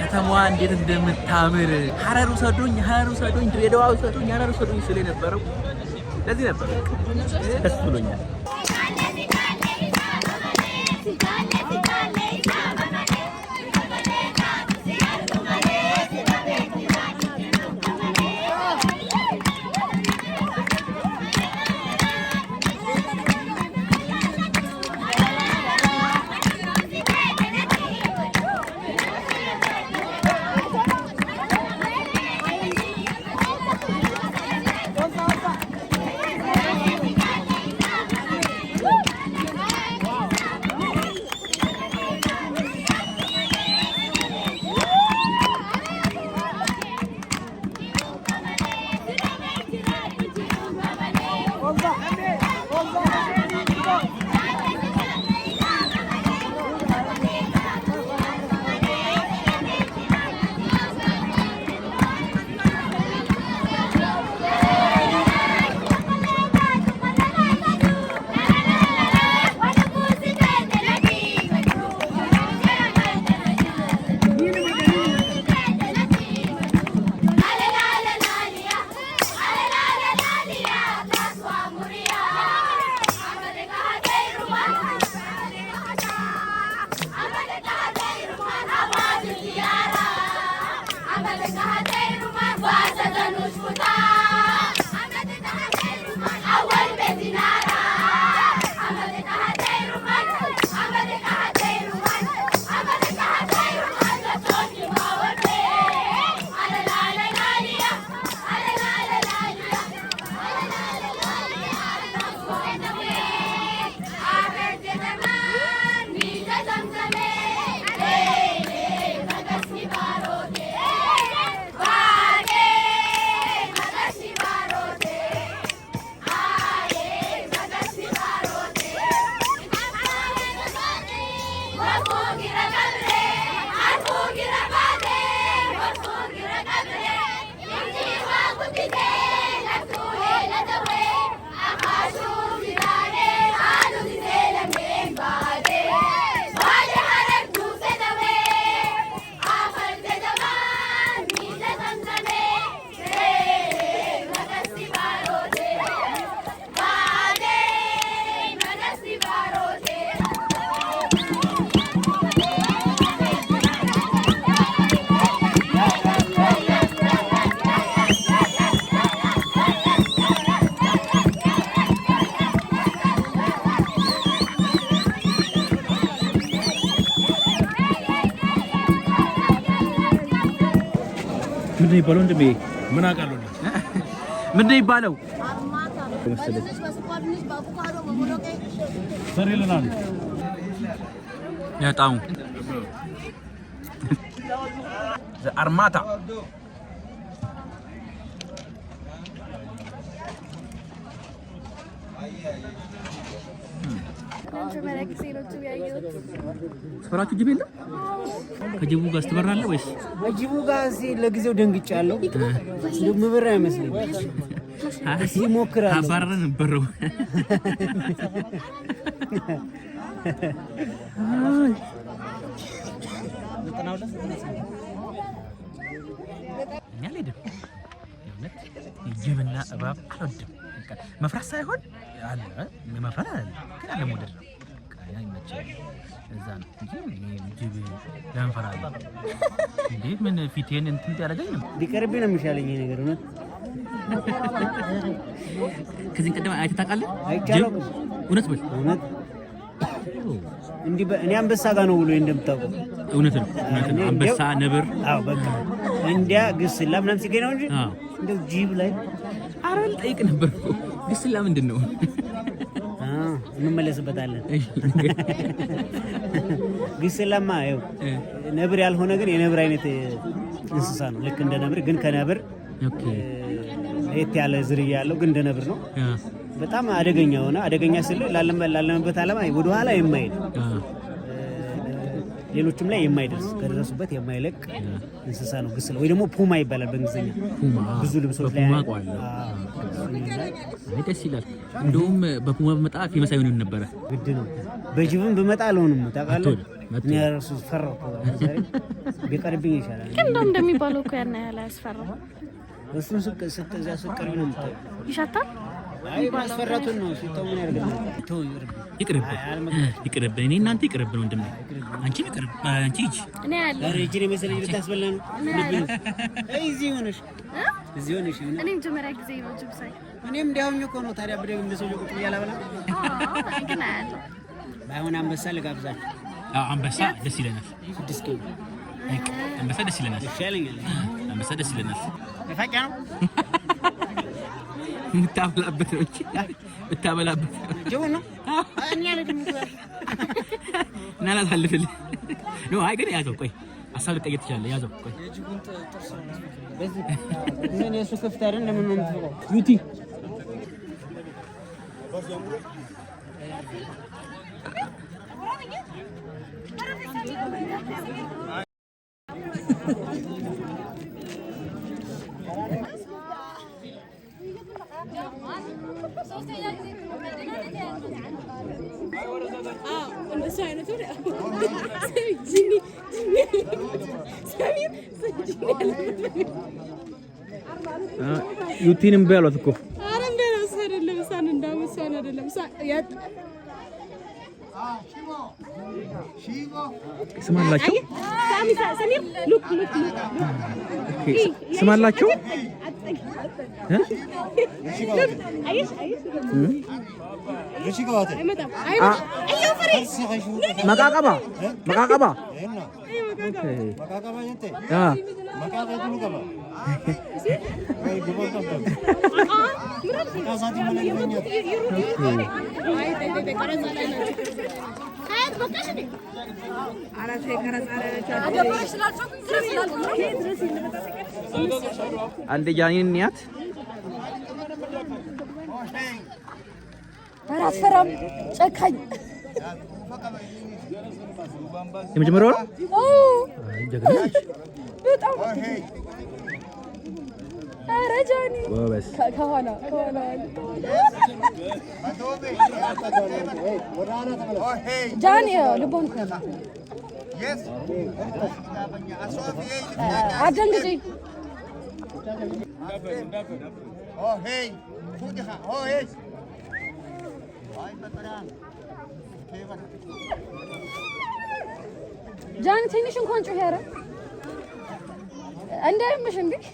ከተማዋ እንዴት እንደምታምር ሀረር ውሰዱኝ፣ ሀረር ውሰዱኝ፣ ድሬዳዋ ውሰዱኝ፣ ሀረር ውሰዱኝ ስል የነበረው ለዚህ ነበር። ደስ ብሎኛል። ምንድን ነው ይባለው? ወንድሜ ምን አውቃለሁ። ምንድን ነው ይባለው? ጣሙ አርማታ ስፈራችሁ ጅብ የለም? ከጅቡ ጋር ስትበራለ ወይስ? ከጅቡ ጋር ለጊዜው ደንግጫለሁ። ምብራ አይመስለኝም። ይሞክራል አባረረ ነበረው። እኔ አልሄድም ጅብና እባብ አልወድም። መፍራት ሳይሆን አለ መፍራት አለ ግን አለመውደድ ነው። እዛ ነው እንጂ እንዴ ምን ፊቴን እንትን ያደረገኝ ነው። ነው የሚሻለኝ ነገር እውነት። ከዚህ ቀደም አይተህ ታውቃለህ? እውነት እንዲህ እኔ አንበሳ ጋር ነው ብሎ እንደምታውቀው እውነት ነው። አንበሳ ነብር። አዎ በቃ እንዲያ ግስላ ምናምን ሲገኝ ነው እንጂ እንደው ጂብ ላይ ኧረ ልጠይቅ ነበር እኮ ግስላ ምንድን ነው? እንመለስበታለን። ግስላማ ያው ነብር ያልሆነ ግን የነብር አይነት እንስሳ ነው። ልክ እንደ ነብር ግን ከነብር የት ያለ ዝርያ ያለው ግን እንደ ነብር ነው። በጣም አደገኛ የሆነ አደገኛ ስል ላለመበት አለማ ወደኋላ የማይል ሌሎችም ላይ የማይደርስ ከደረሱበት የማይለቅ እንስሳ ነው ግስላ ወይ ደግሞ ፑማ ይባላል በእንግሊዝኛ። ብዙ ልብሶች ላይ ደስ ይላል። እንደውም በፑማ በመጣ ፌመስ አይሆንም ነበረ። ግድ ነው። በጅብም ብመጣ አልሆንም ታውቃለህ። እሱ ፈራሁ ቢቀርብኝ ይሻላል። ግን እንደው እንደሚባለው እኮ ያን ያህል አያስፈራም። እሱን ስቀ ነው የምታየው ይሻታል ማስፈራቱን ነው። እኔ እናንተ ይቅርብህ ወንድም፣ አንቺ ይቅርብ። አንቺ ሂጅ። እኔ ያለ ልታስበላ ነው። እዚህ ሆነሽ እዚህ ሆነሽ እኔ መጀመሪያ ጊዜ ነው ጅብሳይ። እኔም እንዲያውኝ እኮ ነው ታዲያ። ብደግ እንደሰው ቁጭ እያላበላ ግን አያለሁ። ባይሆን አንበሳ ልጋብዛችሁ። አንበሳ ደስ ይለናል። ስድስት ኪሎ አንበሳ ደስ ይለናል። አንበሳ ደስ ይለናል። ፈጫ ነው የምታበላበት ነው እንጂ የምታበላበት ነው። እና ላሳልፍልህ ነው። አይ ግን ያዘው፣ ቆይ ሀሳብ ልትቀይር ትችላለህ። ያዘው፣ ቆይ ዩቲ እንደሱ አይነቱ ዩቲንም በያሏት እኮ ኧረ እንዳላስ አይደለም ሳን እንዳመሳን አይደለም ስማላችሁ ስማላችሁ መቃቀባ መቃቀባ አንድ ያኔን ያት አላስፈራም። ጨካኝ የመጀመሪያው ነው። رجعني بس كهانة جاني لبونكم عبد الجي اوه هي خودها اوه هي جاني تنشن كونجو هيرا عندهم مش عندك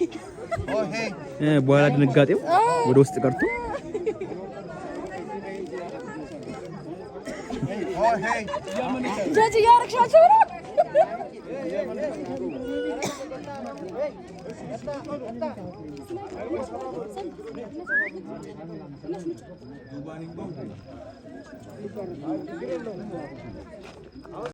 በኋላ ድንጋጤው ወደ ውስጥ ቀርቶ ጀጅ እያረግሻቸው ነው።